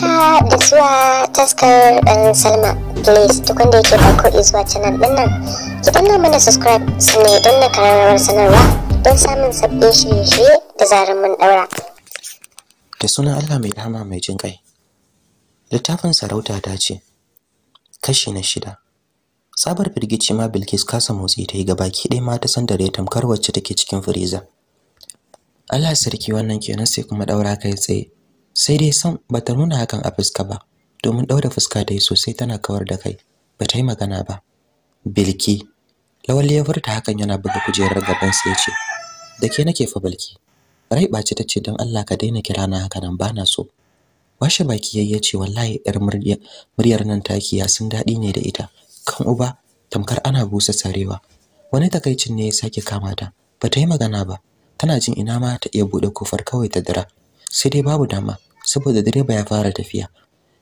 haka ah, da zuwa taskar ɗan um, salma please duk wanda yake farko izuwa canal ɗin nan ki danna mana subscribe sannan don na kararrawar sanarwa don samun sabbin shirye-shirye da zarar mun ɗaura da sunan allah mai rahama mai jin ƙai littafin sarauta ta ce kashi na shida sabar firgici ma bilkis kasa motsi ta yi gabaki ɗaya ma ta san sandare tamkar wacce take cikin firiza allah sarki wannan kenan sai kuma ɗaura kai tsaye sai dai san ba ta nuna hakan a fuska ba domin daura fuska ta yi sosai tana kawar da kai Ba ta yi magana ba bilki lawali ya furta hakan yana buga kujerar gaban sa ce. da ke nake fa bilki rai baci tace don Allah ka daina kira na haka nan bana so washe baki yayi ce wallahi yar muryar nan taki ya sun daɗi ne da ita kan uba tamkar ana busa sarewa wani takaicin ne ya sake kama ta Ba ta yi magana ba tana jin ina ma ta iya buɗe kofar kawai ta dira sai dai babu dama saboda direba ya fara tafiya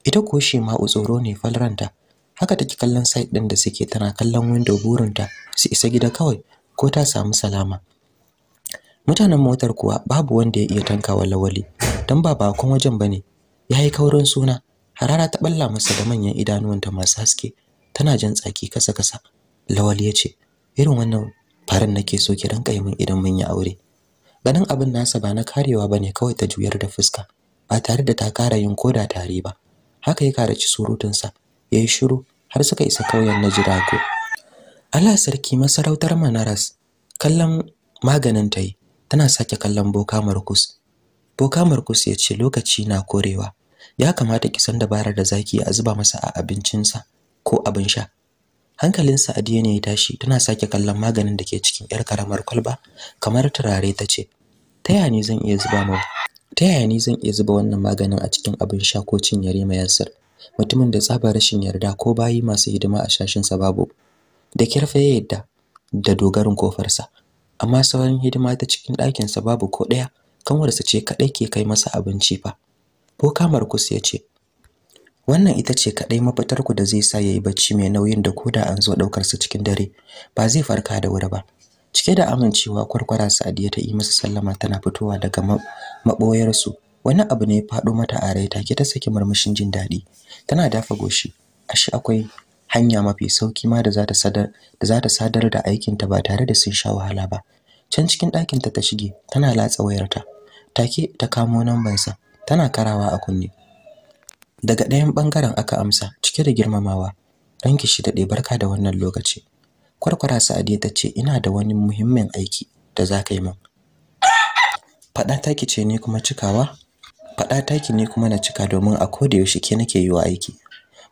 ita ko shi ma tsoro ne falranta haka take kallon site din da suke tana kallon window burinta su isa gida kawai ko ta samu salama mutanen motar kuwa babu wanda ya iya tankawa lawali dan ba bakon wajen bane yayi kaurin suna harara ta balla masa da manyan idanuwanta masu haske tana jan tsaki kasa kasa lawali ya ce irin wannan farin nake so ki ranka yi min idan mun yi aure ganin abin nasa ba na karewa bane kawai ta juyar da fuska ba tare da ta kara yin koda tare ba haka ya ci surutunsa ya yi shiru har suka isa kauyen na jirago Allah sarki masarautar manaras kallon maganin ta yi tana sake kallon boka markus boka markus ya ce lokaci na korewa ya kamata ki san dabarar da zaki a zuba masa a abincinsa ko abin sha hankalinsa a ne ya tashi tana sake kallon maganin da ke cikin yar karamar kwalba kamar turare ta ce ta ne zan iya zuba ma ta yaya ni zan iya zuba wannan maganin a cikin abin sha ko cinyere mai yassir mutumin da tsaba rashin yarda ko bayi masu hidima a sa babu da kirfa ya yadda da dogarin kofarsa amma sauran hidima ta cikin ɗakinsa babu ko ɗaya kanwarsa ce kaɗai ke kai masa abinci fa ko kamar ku ya ce wannan ita ce kaɗai ku da zai sa ya yi bacci mai nauyin da koda an zo ɗaukarsa cikin dare ba zai farka da wuri ba cike da amincewa kwarkwara sadiya ta yi masa sallama tana fitowa daga maɓoyarsu wani abu ne faɗo mata a rai take ta saki murmushin jin daɗi tana dafa goshi ashe akwai hanya mafi sauki ma da za ta sadar da za ta sadar da aikinta ba tare da sun sha wahala ba can cikin ɗakinta ta shige tana latsa wayarta take ta kamo sa tana karawa a kunne daga ɗayan ɓangaren aka amsa cike da girmamawa ranki shi daɗe barka da wannan lokaci kwarkwara sa'adiya ta ce ina da wani muhimmin aiki da za ka yi min faɗa taki ce ni kuma cikawa faɗa taki ne kuma na cika domin a koda yaushe ke nake yi wa aiki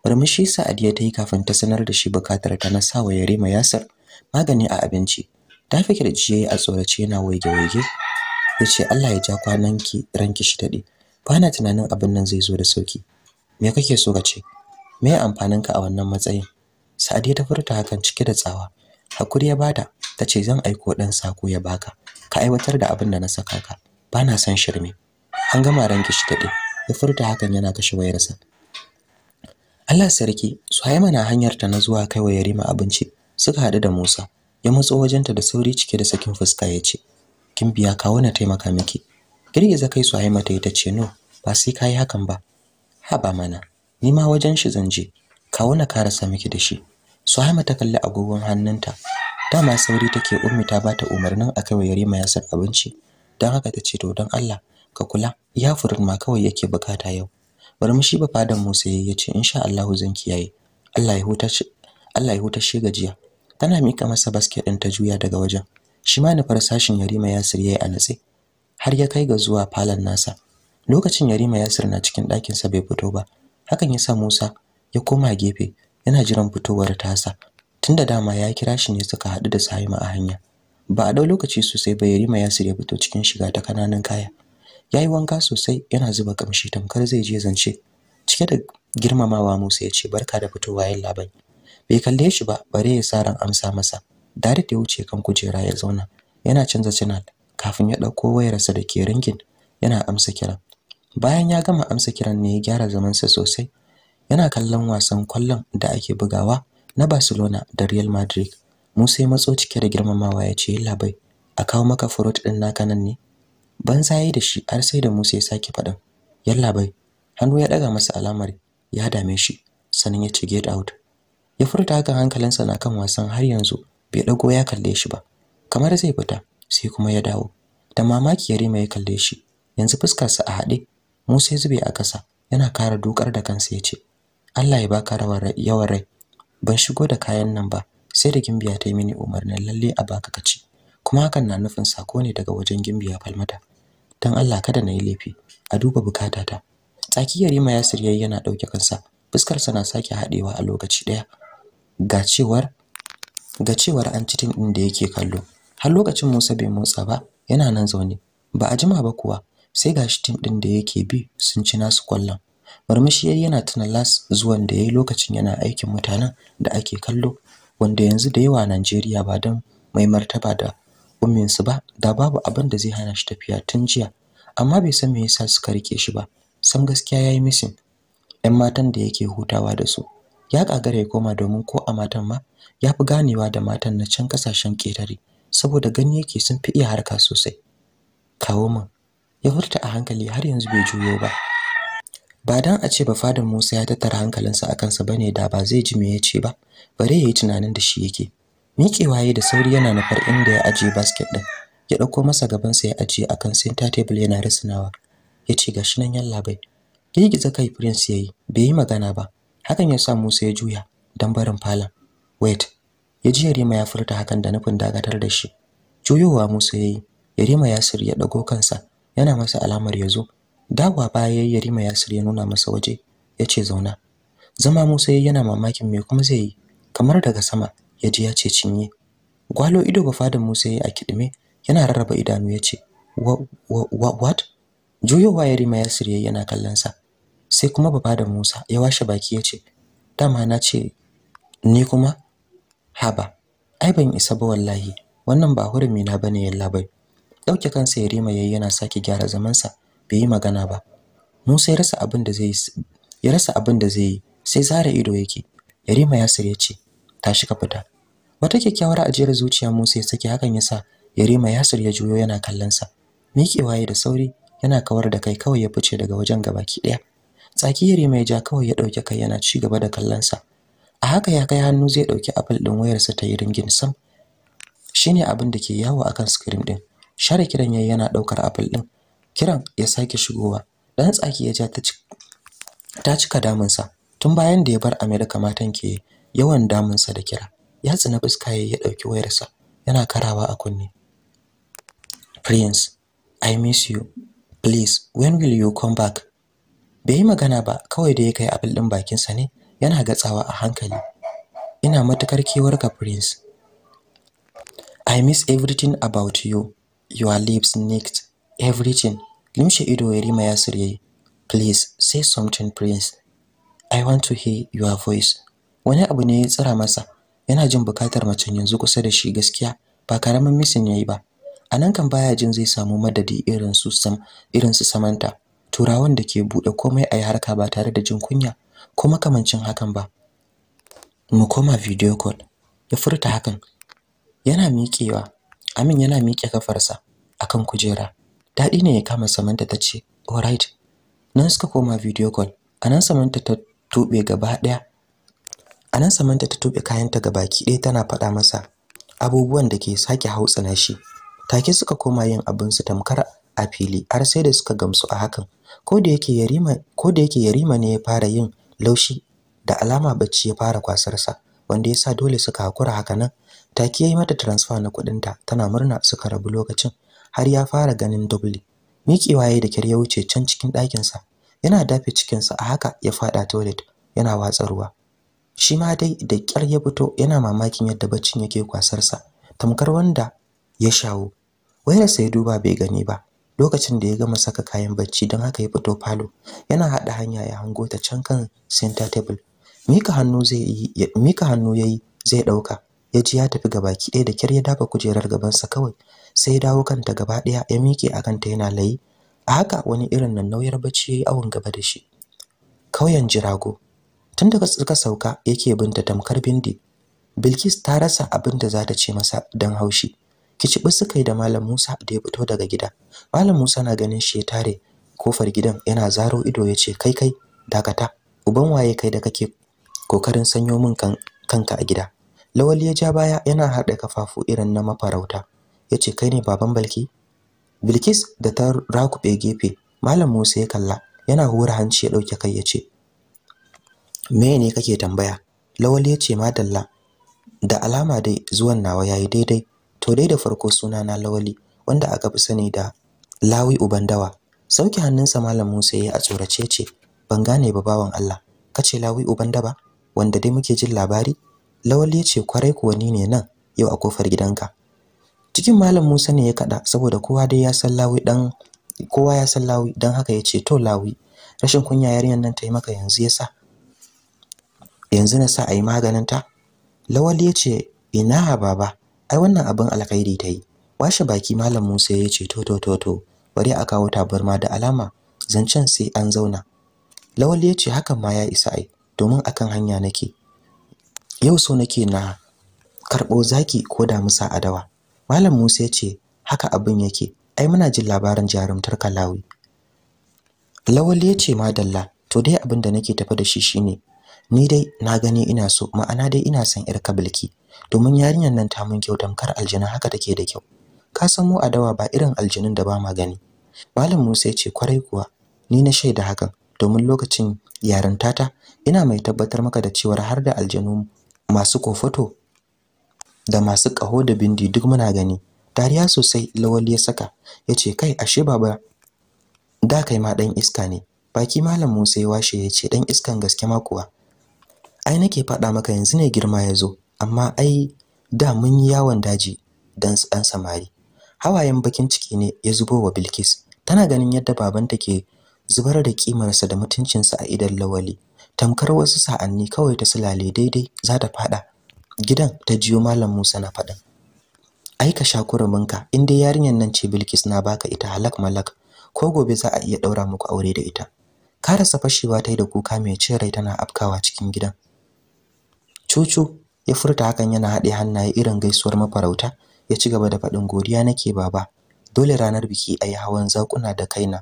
murmushi sa'adiya ta yi kafin ta sanar da shi bukatar ta na sa wa yarima yasar magani a abinci ta fi kirji yayi a tsorace yana waige-waige ya ce Allah ya ja kwananki ranki shi daɗe ba na tunanin abin nan zai zo da sauki me kake so ka ce me ya amfaninka a wannan matsayin Sadiya ta furta hakan cike da tsawa hakuri ya bata. ta ce zan aiko ɗan sako ya baka ka aiwatar da abin da na saka ka bana na son shirme an gama ranki shi daɗe ya furta hakan yana kashe wayarsa Allah sarki Suhaima na hanyar ta na zuwa kai wa Yarima abinci suka haɗu da Musa ya matso wajenta da sauri cike da sakin fuska ya ce kin biya kawuna wani taimaka miki girgiza kai Suhaima ta yi ta ce no ba sai kai hakan ba haba mana ni ma wajen shi zanje je wani karasa miki da shi Suhaima ta kalli agogon hannunta dama sauri take ummi ta bata umarnin a kai wa Yarima ya abinci dan haka ta ce to don Allah ka kula ya furin ma kawai yake bukata yau murmushi ba fadan Musa ya ce insha Allah zan kiyaye Allah ya huta shi Allah ya huta shi gajiya tana mika masa basket din ta juya daga wajen shi ma nufar sashin Yarima Yasir yayi a natse har ya kai ga zuwa falon nasa lokacin Yarima Yasir na cikin ɗakin sa bai fito ba hakan ya sa Musa ya koma gefe yana jiran fitowar tasa tunda dama ya kira shi ne suka haɗu da Sahima a hanya ba a ɗau lokaci sosai ba Yarima ya ya fito cikin shiga ta kananan kaya Ya yi wanka sosai yana zuba kamshi tamkar zai je zance cike da girmamawa Musa ya ce barka da fitowa yin bai bai kalle shi ba bare ya sa ran amsa masa Dare ya wuce kan kujera ya zauna yana canza cinal. kafin ya ɗauko wayarsa da ke ringin yana amsa kiran bayan ya gama amsa kiran ne ya gyara zamansa sosai yana kallon wasan kwallon da ake bugawa na Barcelona da Real Madrid Musa ya matso cike da girmamawa ya ce labai a kawo maka furut din naka nan ne banza yayi da shi har sai da Musa ya sake faɗin yalla bai hannu ya daga masa alamar ya dame shi sanin ya ce get out ya furta haka hankalinsa na kan wasan har yanzu bai dago ya kalle shi ba kamar zai fita sai kuma ya dawo da mamaki Yarima ya kalle shi yanzu fuskarsa a haɗe Musa ya zube a ƙasa yana kara dukar da kansa ya ce Allah ya baka rawar yawan rai ban shigo da kayan nan ba sai da Gimbiya ta yi mini umarnin lalle a baka ka ci kuma hakan na nufin sako ne daga wajen Gimbiya Falmata dan Allah kada na yi laifi a duba bukatata tsakiyar Rima Yasir yayi yana dauke kansa fuskar sa na sake haɗewa a lokaci ɗaya. ga cewar ga cewar tin din da yake kallo har lokacin Musa bai motsa ba yana nan zaune ba a jima ba kuwa sai gashi tim din da yake bi sun ci nasu kwallon murmushi yayi yana tuna las zuwan da yayi lokacin yana aikin mutanen da ake kallo wanda yanzu da yawa a Najeriya ba don mai martaba da umminsu ba da babu abin da zai hana shi tafiya tun jiya amma bai san me yasa suka rike shi ba san gaskiya yayi mishin ɗan matan da yake hutawa da su ya kagara ya koma domin ko a matan ma ya fi ganewa da matan na can kasashen ƙetare saboda gani yake sun fi iya harka sosai kawo min ya furta a hankali har yanzu bai juyo ba ba dan a ce ba fadar Musa ya tattara hankalinsa akan sa bane da ba zai ji me ya ce ba bare yayi tunanin da shi yake miƙewa yayi da sauri yana nufar inda ya aje basket din ya dauko masa gaban sa ya aje akan center table yana risinawa yace gashi nan yalla bai girgiza kai prince yayi bai yi magana ba hakan ya sa Musa ya juya dan barin falon wait ya ji Yarima ya furta hakan da nufin dagatar da shi juyowa Musa yayi Yarima Yasir ya dago kansa yana masa alamar ya zo dawa baya yayi Yarima ya ya nuna masa waje yace zauna zama Musa yayi yana mamakin me kuma zai yi kamar daga sama ya ya ce cinye gwalo ido ba fadan Musa yayi a kidime yana rarraba idanu yace what juyowa Yarima ya yayi yana kallon sa sai kuma baba da Musa ya washe baki yace dama na ce ni kuma haba ai ban isa ba wallahi wannan ba hurumi na bane yalla bai dauke kansa yarima yayi yana sake gyara zaman sa bai yi magana ba Musa ya rasa abin da zai ya rasa abin da zai yi sai zara ido yake Yarima Yasir ya ce tashi ka fita wata kyakkyawar ajiyar zuciya Musa ya sake hakan ya sa Yarima Yasir ya juyo yana kallon sa miƙewa da sauri yana kawar da kai kawai ya fice daga wajen gaba ki daya tsaki Yarima ya ja kawai ya dauke kai yana ci gaba da kallon sa a haka ya kai hannu zai dauki apple din wayarsa ta yi ringin sam shine abin da ke yawo akan screen din share kiran yayi yana daukar apple din kiran ya sake shigowa dan tsaki ya ja ta cika damunsa tun bayan da ya bar America matan ke yawan damunsa da kira ya tsina fuska ya dauki wayarsa yana karawa a kunne Prince I miss you please when will you come back bai yi magana ba kawai da ya kai abin din bakinsa ne yana gatsawa a hankali ina matukar ka Prince I miss everything about you your lips nicked everything limshe ido Yarima Yasir yayi please say something prince i want to hear your voice wani abu ne ya tsira masa yana jin bukatar macen yanzu kusa da shi gaskiya ba karamin misin yayi ba nan kan baya jin zai samu madadi irin su sam irin samanta turawan da ke bude komai a harka ba tare da jin kunya ko makamancin hakan ba mu koma video call ya furta hakan yana miƙewa amin yana miƙe kafarsa akan kujera Daɗi ne ya kama Samantha ta ce, "Alright." Nan suka koma video call. Anan Samantha ta tube gaba ɗaya. Anan Samantha ta tube kayanta ki ɗaya tana faɗa masa abubuwan da ke sake hautsana shi. Take suka koma yin abin su tamkar a fili har sai da suka gamsu a hakan. Ko da yake Yarima ko ne ya fara yin laushi da alama bacci ya fara kwasarsa, wanda ya sa dole suka hakura haka nan. Take yi mata transfer na kuɗin tana murna suka rabu lokacin har ya fara ganin dubli miƙewa yayi da kyar ya wuce can cikin ɗakin sa yana dafe cikinsa a haka ya faɗa toilet yana watsa ruwa shi ma dai da kyar ya fito yana mamakin yadda baccin yake kwasar sa tamkar wanda ya shawo wayarsa sai duba bai gani ba lokacin da ya gama saka kayan bacci don haka ya fito falo yana haɗa hanya ya hango ta can kan center table mika hannu zai yi mika hannu yayi zai ɗauka. ya ji ya tafi gabaki ɗaya da kyar ya dafa kujerar gabansa kawai sai ya dawo kanta gaba ɗaya ya miƙe a kanta yana layi a haka wani irin nan nauyar bacci ya yi awon gaba da shi kauyen jirago tun daga tsirka sauka yake binta tamkar bindi bilkis ta rasa abin da za ta ce masa don haushi kicibi suka yi da malam musa da ya fito daga gida malam musa na ganin shi ya tare kofar gidan yana zaro ido ya ce kai kai dakata uban waye kai da kake kokarin sanyo min kanka a gida Lawali ya ja baya yana haɗa kafafu irin na mafarauta. Ya ce kai ne baban Balki? Bilkis da ta rakuɓe gefe, Malam Musa ya kalla, yana hura hanci ya ɗauke kai ya ce, Me ne kake tambaya? Lawali ya ce madalla, da alama dai zuwan nawa yayi daidai, to dai da farko suna na Lawali, wanda aka fi sani da Lawi Ubandawa. Sauke hannunsa Malam Musa ya a tsorace ce, ban gane ba bawan Allah, kace Lawi Ubandaba, wanda dai muke jin labari? Lawali ya ce kwarai kuwa ni ne nan yau a kofar gidanka. Cikin Malam Musa ne ya kada saboda kowa dai ya san Lawi dan kowa ya san Lawi dan haka ya ce to Lawi rashin kunya yarinyar nan ta yi maka yanzu yasa yanzu na sa a yi maganin ta. Lawali ya ce ina baba ai wannan abin alkhairi ta yi. Washe baki Malam Musa ya ce to to to to bari a kawo tabarma da alama zancen sai an zauna. Lawali ya ce hakan ma ya isa ai domin akan hanya nake yau so nake na karɓo zaki ko da musa a dawa malam musa ya ce haka abin yake ai muna jin labarin jarumtar kalawi lawal ya ce madalla to dai abin da nake tafi da shi shine ni dai na gani ina so ma'ana dai ina son yar kabilki domin yarinyar nan ta mun kyau tamkar aljina haka take da kyau ka san mu a dawa ba irin aljinin da ba ma gani malam Musa ya ce kwarai kuwa ni na shaida hakan domin lokacin yarinta ta ina mai tabbatar maka da cewar har da aljanu masu kofato da masu ƙaho da bindi duk muna gani dariya sosai lawal ya saka ya ce kai ashe baba da kai ma ɗan iska ne baki malam musa ya washe ya ce ɗan iskan gaske ma kuwa ai nake faɗa maka yanzu ne girma ya zo amma ai da mun yi yawon daji dan ɗan samari hawayen bakin ciki ne ya zubo wa bilkis tana ganin yadda babanta ke zubar da kimarsa da mutuncinsa a idan lawali tamkar wasu sa'anni kawai ta sulale daidai za ta fada gidan ta jiyo malam Musa na faɗin aika shakura in dai yarinyar nan ce Bilkis na baka ita halak malak ko gobe za a iya daura muku aure da ita karasa fashewa ta yi da kuka mai cin rai tana afkawa cikin gidan cucu ya furta hakan yana haɗe hannaye irin gaisuwar mafarauta ya ci gaba da faɗin godiya nake baba dole ranar biki a yi hawan zakuna da kaina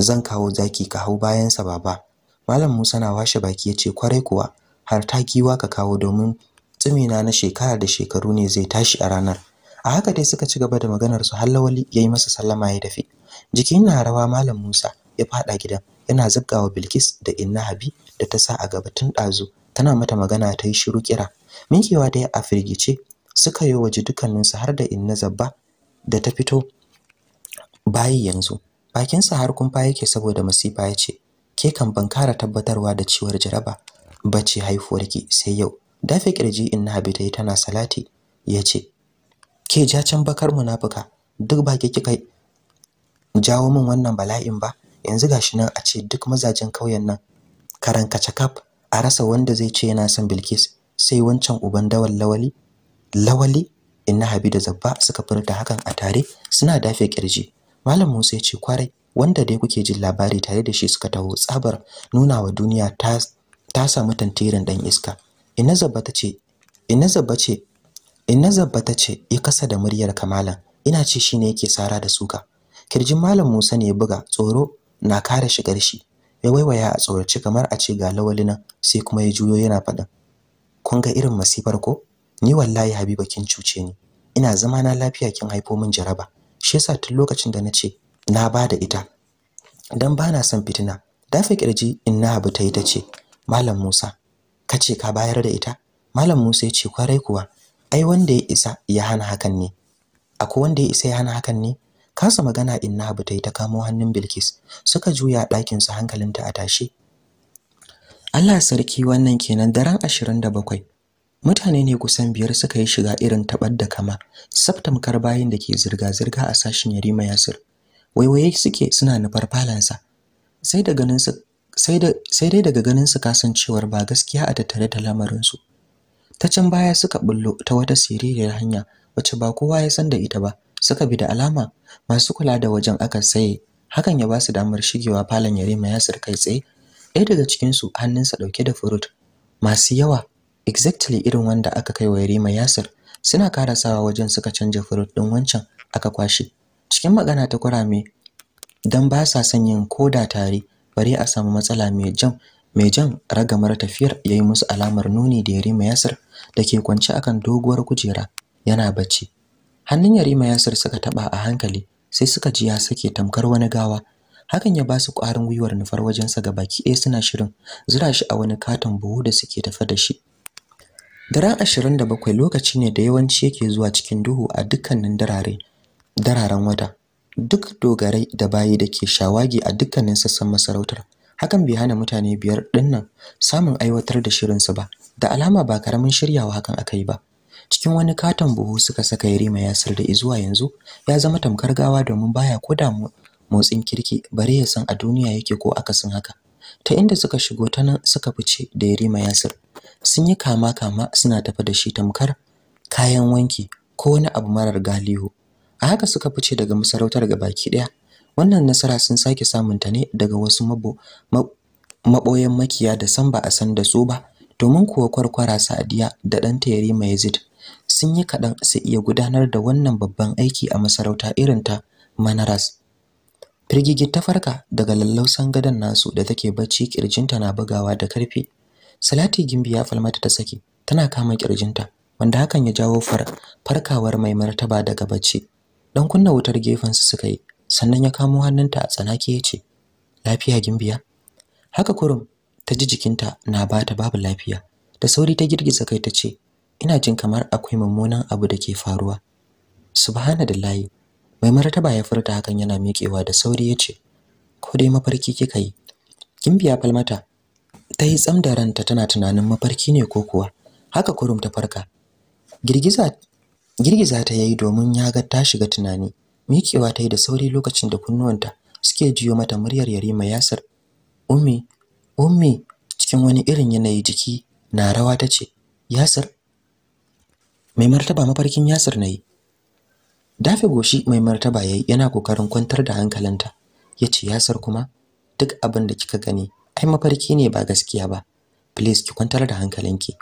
zan kawo zaki ka hau bayansa baba Malam Musa na washe baki ya ce kwarai kuwa har ta giwa ka kawo domin tsumina na shekara da shekaru ne zai tashi a ranar. A haka dai suka ci gaba da maganar su har Lawali ya yi masa sallama ya dafi Jikin na rawa Malam Musa ya fada gidan yana zabgawa Bilkis da Inna Habi da ta sa a gaba tun ɗazu tana mata magana ta yi shiru kira. Minkewa dai a firgice suka yi waje dukkaninsu har da Inna Zabba da ta fito bayi yanzu. Bakinsa har kumfa yake saboda masifa ya ce, ke kan ban kara tabbatarwa da ciwar jaraba haifuwar ki, sai yau dafe kirji inna habita tana salati yace ke ja can bakar munafuka duk ba ke kika jawo min wannan bala'in ba yanzu gashi nan a ce duk mazajen kauyen nan karan kacakap a rasa wanda zai ce yana son Bilkis sai wancan uban dawan lawali lawali inna habida da Zabba suka furta hakan a tare suna dafe kirji malam Musa ya ce kwarai wanda dai kuke jin labari tare da shi suka taho tsabar nuna wa duniya ta ta samu tantirin dan iska ina zabba ta ce ina zabba ina zabba ce ya kasa da muryar kamalan ina ce shine yake sara da suka kirjin malam Musa ne ya buga tsoro na kare shigar shi ya waiwaya a tsorace kamar a ce ga lawali nan sai kuma ya juyo yana faɗin kun ga irin masifar ko ni wallahi habiba kin cuce ni ina zama na lafiya kin haifo min jaraba shi yasa tun lokacin da na ce na ba da ita dan bana son fitina dafe kirji inna abu ta ce, malam Musa kace ka bayar da ita malam Musa ya ce kwarai kuwa ai wanda ya isa ya hana hakan ne akwai wanda ya isa ya hana hakan ne kasa magana inna abu yi ta kamo hannun Bilkis suka juya ɗakin su hankalinta a tashi Allah sarki wannan kenan daren ashirin da bakwai. mutane ne kusan biyar suka yi shiga irin tabar da kama saftam bayin da ke zirga-zirga a sashin Yarima Yasir waiwaye suke suna nufar falansa sai da ganin sai da sai dai daga ganin su kasancewar ba gaskiya a tattare da lamarin su ta can baya suka bullo ta wata siririyar hanya wacce ba kowa ya san da ita ba suka bi da alama masu kula da wajen aka saye hakan ya ba su damar shigewa falon yarima Yasir kai tsaye ɗaya daga cikin su hannunsa ɗauke da furut masu yawa exactly irin wanda aka kai wa yarima yasir suna karasawa wajen suka canja furut ɗin wancan aka kwashe cikin magana ta kurame dan ba sa son yin koda tare bari a samu matsala mai jam mai jan ragamar tafiyar yayi musu alamar nuni da Yarima Yasir da ke kwance akan doguwar kujera yana bacci hannun Yarima Yasir suka taba a hankali sai suka ji ya sake tamkar wani gawa hakan ya ba su ƙwarin gwiwar nufar wajensa ga baki ɗaya suna shirin zura shi a wani katon buhu da suke tafa da shi Daren 27 lokaci ne da yawanci yake zuwa cikin duhu a dukkanin darare dararen wata duk dogarai da bayi da ke shawagi a dukkanin sassan masarautar hakan bai hana mutane biyar dinnan samun aiwatar da shirinsu ba da alama ba karamin shiryawa hakan aka yi ba cikin wani katon buhu suka saka yarima yasir da izuwa yanzu ya zama tamkar gawa domin baya koda motsin kirki bare ya san a duniya yake ko akasin haka ta inda suka shigo ta nan suka fice da yarima yasir sun yi kama kama suna tafa da shi tamkar kayan wanki ko wani abu marar galihu a haka suka fice daga masarautar ga baki daya wannan nasara sun sake samun ta ne daga wasu mabo maboyan makiya da san ba a san da su ba domin kuwa kwarkwara Sadiya da ɗan tayari mai Yazid sun yi kaɗan su iya gudanar da wannan babban aiki a masarauta irin ta Manaras. firgigi ta farka daga lallausan gadon nasu da take bacci kirjinta na bugawa da karfi. Salati gimbiya falmata ta saki tana kama kirjinta wanda hakan ya jawo farkawar mai martaba daga bacci. dan kunna wutar gefen su suka yi sannan ya kamo hannunta a tsanake ya ce lafiya gimbiya haka kurum ta ji jikinta na bata babu lafiya da sauri ta girgiza kai ta ce ina jin kamar akwai mummunan abu da ke faruwa subhana layi mai martaba ya furta hakan yana miƙewa da sauri ya ce ko dai mafarki kika yi gimbiya falmata ta yi tsam tana tunanin mafarki ne ko kuwa haka kurum ta farka girgiza girgiza ta yayi domin ya ga ta shiga tunani miƙewa ta yi da sauri lokacin da kunnuwanta suke jiyo mata muryar Yarima Yasir ummi ummi cikin wani irin yanayi jiki na rawa ta ce Yasir mai martaba mafarkin Yasir yi. dafe goshi mai martaba ya yi, yana kokarin kwantar da hankalinta ya ce Yasir kuma duk abin da kika gani ai mafarki ne ba gaskiya ba please ki kwantar da hankalinki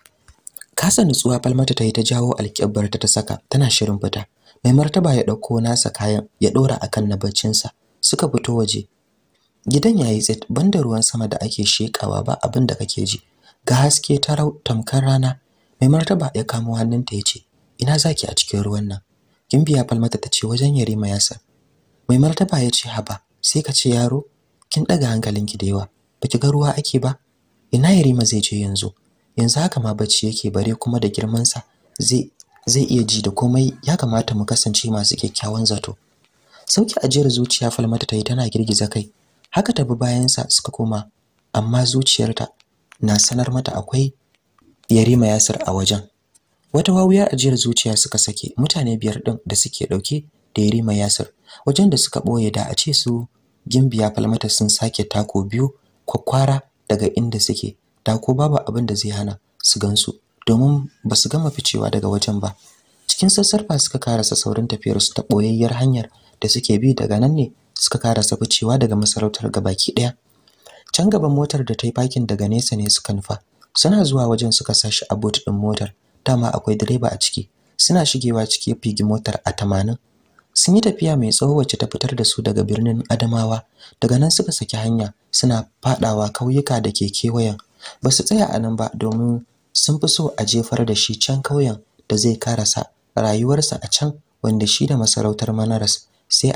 kasa nutsuwa falmata ta yi ta jawo alƙibbar ta ta saka tana shirin fita mai martaba ya ɗauko nasa kayan ya ɗora akan na baccinsa suka fito waje gidan yayi tsit banda ruwan sama da ake shekawa ba abin da kake ji ga haske ta tamkar rana mai martaba ya kamo hannunta ya ce ina zaki a cikin ruwan nan kin biya falmata ta ce wajen yarima yasa mai martaba ya ce haba sai ka ce yaro kin ɗaga hankalinki da yawa baki ga ruwa ake ba ina yarima zai je yanzu yanzu haka ma bacci yake bare kuma da girmansa zai zai iya ji da komai ya kamata mu kasance masu kyakkyawan zato sauki ajiyar zuciya falmata ta yi tana girgiza kai haka tabi bayan sa suka koma amma zuciyarta na sanar mata akwai yarima yasir a wajen wata wawuyar ajiyar zuciya suka sake mutane biyar din da suke dauke da yarima yasir wajen da suka boye da a ce su gimbiya falmata sun sake tako biyu kwakwara daga inda suke da ko babu abin da zai hana su gansu domin ba su gama ficewa daga wajen ba cikin sassarfa suka karasa saurin tafiyar su ta boyayyar hanyar da suke bi daga nan ne suka karasa ficewa daga masarautar gabaki ɗaya. can gaban motar da ta yi fakin daga nesa ne suka nufa suna zuwa wajen suka sashi a boot din motar dama akwai direba a ciki suna shigewa ciki figi motar a tamanin sun yi tafiya mai tsawo wacce ta fitar da su daga birnin Adamawa daga nan suka saki hanya suna faɗawa kauyuka da ke kewayen ba su tsaya a nan ba domin sun fi so a jefar da shi can kauyen da zai karasa rayuwarsa a can wanda shi da masarautar manaras sai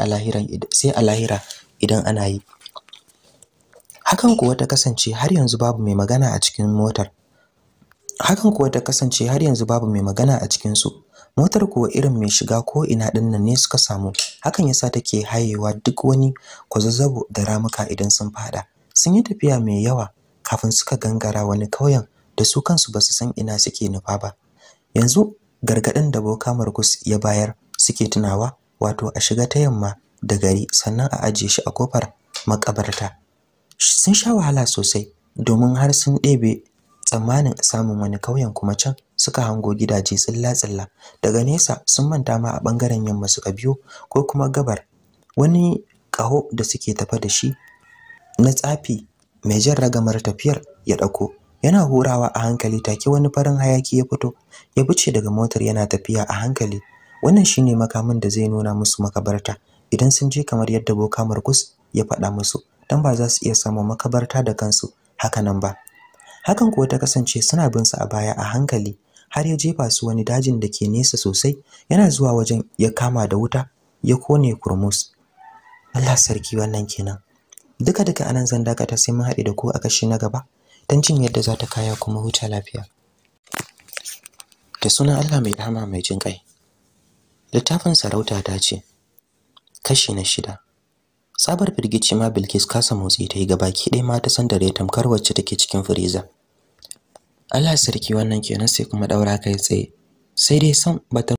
a lahira idan ana yi hakan kuwa ta kasance har yanzu babu mai magana a cikin motar hakan kuwa ta kasance har yanzu babu mai magana a cikinsu motar kuwa irin mai shiga ko ina dinnan ne suka samu hakan yasa take hayewa duk wani kwazazzabo da ramuka idan sun fada sun yi tafiya mai yawa kafin suka gangara wani kauyen da su kansu ba su san ina suke nufa ba yanzu gargaɗin da boka markus ya bayar suke tunawa wato a shiga ta yamma da gari sannan a ajiye shi a kofar makabarta sun sha wahala sosai domin har sun ɗebe tsammanin samun wani kauyen kuma can suka hango gidaje tsilla-tsilla daga nesa sun manta ma a ɓangaren yamma suka biyo ko kuma gabar wani ƙaho da suke tafa da shi na tsafi mai jan ragamar tafiyar ya ɗauko yana hurawa a hankali take wani farin hayaki ya fito ya buce daga motar yana tafiya a hankali wannan shine makamin da zai nuna musu makabarta idan sun je kamar yadda boka Markus ya faɗa musu dan ba za su iya samu makabarta da kansu haka nan ba hakan kuwa ta kasance suna bin su a baya a hankali har ya jefa su wani dajin da ke nesa sosai yana zuwa wajen ya kama da wuta ya kone kurmus Allah sarki wannan kenan duka duka anan zan dakata sai mun haɗe da ku a kashi na gaba dan jin yadda za ta kaya kuma huta lafiya da sunan Allah mai rahama mai jin kai littafin sarauta ta ce kashi na shida sabar firgici ma Bilkis kasa motsi ta yi ki ɗaya ma ta san da tamkar wacce take cikin firiza Allah sarki wannan kenan sai kuma daura kai tsaye sai dai san bata